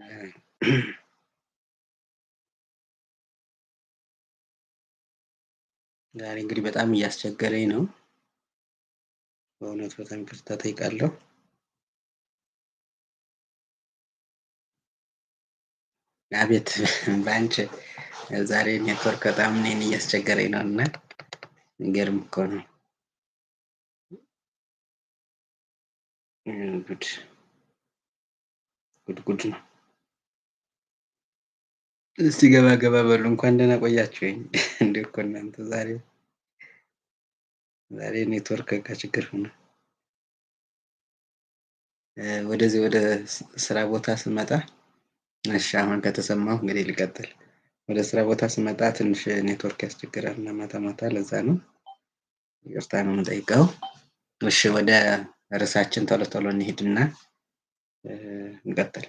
ዛሬ እንግዲህ በጣም እያስቸገረኝ ነው። በእውነቱ በጣም ይቅርታ ጠይቃለሁ። አቤት በአንቺ ዛሬ ኔትወርክ በጣም እኔን እያስቸገረኝ ነው እና ገርም እኮ ነው። ጉድ ጉድ ጉድ ነው። እስቲ ገባ ገባ በሉ። እንኳን ደህና ቆያችሁኝ። እንዴት እኮ እናንተ ዛሬ ዛሬ ኔትወርክ ጋ ችግር ሆነ። ወደዚህ ወደ ስራ ቦታ ስመጣ፣ እሺ አሁን ከተሰማሁ እንግዲህ ልቀጥል። ወደ ስራ ቦታ ስመጣ ትንሽ ኔትወርክ ያስቸግራል እና ማታ ማታ ለዛ ነው ይቅርታ ነው የምጠይቀው። እሺ ወደ ርዕሳችን ቶሎ ቶሎ እንሂድና እንቀጥል።